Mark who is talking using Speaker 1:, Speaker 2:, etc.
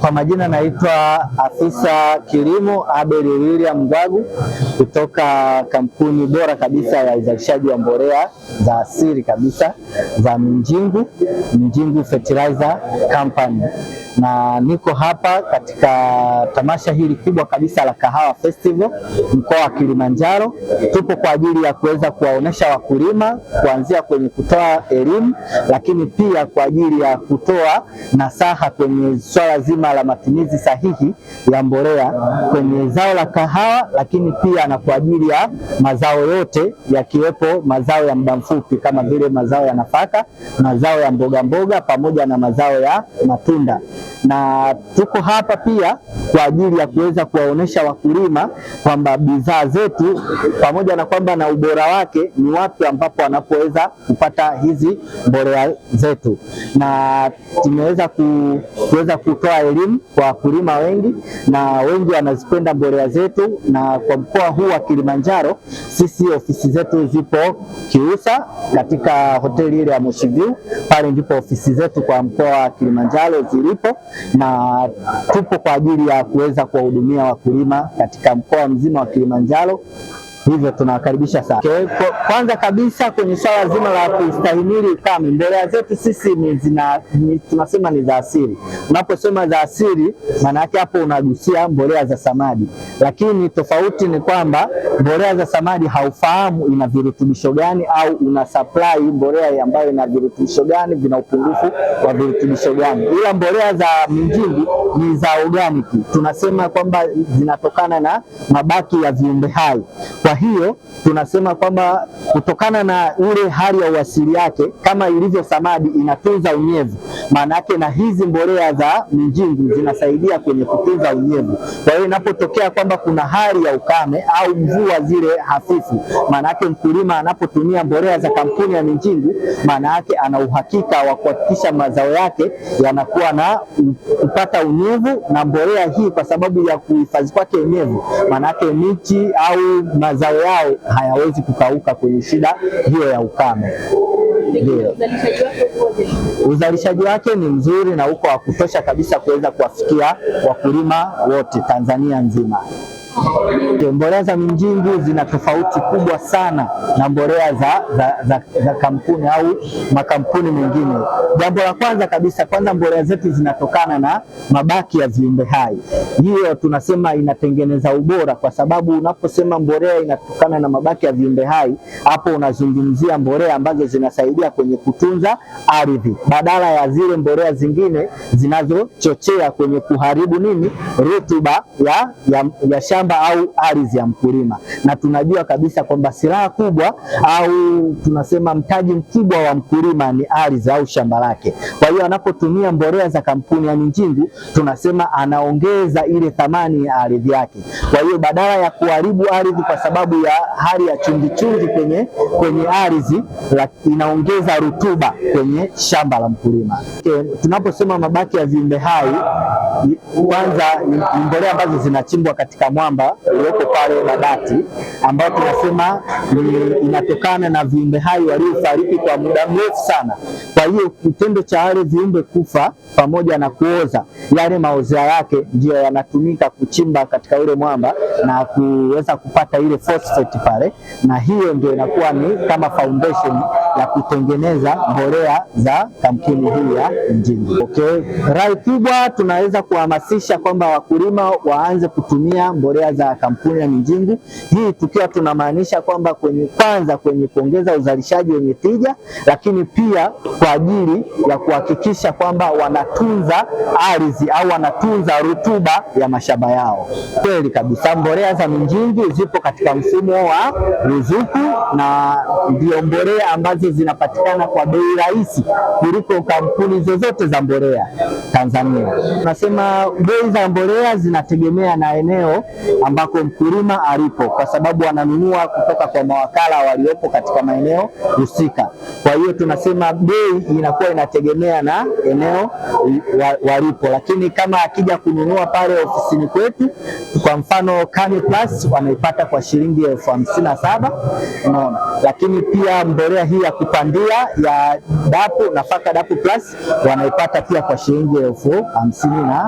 Speaker 1: Kwa majina naitwa afisa kilimo Abel William Ngwagu kutoka kampuni bora kabisa ya uzalishaji wa mbolea za asili kabisa za Mjingu, Mjingu Fertilizer Company na niko hapa katika tamasha hili kubwa kabisa la Kahawa Festival mkoa wa Kilimanjaro. Tupo kwa ajili ya kuweza kuwaonesha wakulima kuanzia kwenye kutoa elimu, lakini pia kwa ajili ya kutoa nasaha kwenye swala zima la matumizi sahihi ya mbolea kwenye zao la kahawa, lakini pia na kwa ajili ya mazao yote yakiwepo mazao ya muda mfupi kama vile mazao ya nafaka, mazao ya mboga mboga pamoja na mazao ya matunda na tuko hapa pia kwa ajili ya kuweza kuwaonesha wakulima kwamba bidhaa zetu pamoja na kwamba na ubora wake ni wapi ambapo wanapoweza kupata hizi mbolea zetu, na tumeweza kuweza kutoa elimu kwa wakulima wengi, na wengi wanazipenda mbolea zetu. Na kwa mkoa huu wa Kilimanjaro, sisi ofisi zetu zipo Kiusa katika hoteli ile ya Moshi View, pale ndipo ofisi zetu kwa mkoa wa Kilimanjaro zilipo na tupo kwa ajili ya kuweza kuwahudumia wakulima katika mkoa mzima wa Kilimanjaro hivyo tunawakaribisha sana. Kwanza kabisa kwenye swala zima la kustahimili ukame, mbolea zetu sisi ni zina, ni, tunasema ni za asili. Unaposema za asili, maana yake hapo unagusia mbolea za samadi, lakini tofauti ni kwamba mbolea za samadi haufahamu ina virutubisho gani au una supply mbolea ambayo ina virutubisho gani, vina upungufu wa virutubisho gani, ila mbolea za mjindi ni za organic, tunasema kwamba zinatokana na mabaki ya viumbe hai. Kwa hiyo tunasema kwamba kutokana na ule hali ya uasili yake, kama ilivyo samadi inatunza unyevu, maana yake na hizi mbolea za Minjingu zinasaidia kwenye kutunza unyevu. Kwa hiyo inapotokea kwamba kuna hali ya ukame au mvua zile hafifu, maana yake mkulima anapotumia mbolea za kampuni ya Minjingu, maana yake ana uhakika wa kuhakikisha mazao yake yanakuwa na kupata unyevu unyevu na mbolea hii kwa sababu ya kuhifadhi kwake unyevu, maanake miti au mazao yao hayawezi kukauka kwenye shida hiyo ya ukame. Ndio, uzalishaji wake ni mzuri na uko wa kutosha kabisa kuweza kuwafikia wakulima wote Tanzania nzima. Mbolea za minjingi zina tofauti kubwa sana na mbolea za, za, za, za kampuni au makampuni mengine. Jambo la kwanza kabisa, kwanza mbolea zetu zinatokana na mabaki ya viumbe hai, hiyo tunasema inatengeneza ubora, kwa sababu unaposema mbolea inatokana na mabaki ya viumbe hai, hapo unazungumzia mbolea ambazo zinasaidia kwenye kutunza ardhi badala ya zile mbolea zingine zinazochochea kwenye kuharibu nini rutuba ya, ya, ya shamba shamba au ardhi ya mkulima, na tunajua kabisa kwamba silaha kubwa au tunasema mtaji mkubwa wa mkulima ni ardhi au shamba lake. Kwa hiyo anapotumia mbolea za kampuni ya Minjingu tunasema anaongeza ile thamani ya ardhi yake. Kwa hiyo badala ya kuharibu ardhi kwa sababu ya hali ya chungichungi kwenye, kwenye ardhi inaongeza rutuba kwenye shamba la mkulima. E, tunaposema mabaki ya viumbe hai, kwanza ni mbolea ambazo zinachimbwa katika mwamba mwamba ulioko pale Babati ambao tunasema inatokana na viumbe hai waliofariki kwa muda mrefu sana. Kwa hiyo kitendo cha wale viumbe kufa pamoja na kuoza, yale maozea yake ndio yanatumika kuchimba katika ule mwamba na kuweza kupata ile phosphate pale, na hiyo ndio inakuwa ni kama foundation ya kutengeneza mbolea za kampuni hii ya Mjini. Okay, rai kubwa tunaweza kuhamasisha kwamba wakulima waanze kutumia mbolea mbolea za kampuni ya Minjingu, hii tukiwa tunamaanisha kwamba kwenye kwanza kwenye kuongeza uzalishaji wenye tija, lakini pia kwa ajili ya kuhakikisha kwamba wanatunza ardhi au wanatunza rutuba ya mashamba yao. Kweli kabisa, mbolea za Minjingu zipo katika mfumo wa ruzuku na ndio mbolea ambazo zinapatikana kwa bei rahisi kuliko kampuni zozote za mbolea Tanzania. Tunasema bei za mbolea zinategemea na eneo ambako mkulima alipo, kwa sababu ananunua kutoka kwa mawakala waliopo katika maeneo husika. Kwa hiyo tunasema bei inakuwa inategemea na eneo walipo, lakini kama akija kununua pale ofisini kwetu, kwa mfano Kani Plus wanaipata kwa shilingi elfu hamsini na saba unaona. Lakini pia mbolea hii ya kupandia ya dapu nafaka dapu plus wanaipata pia kwa shilingi elfu hamsini na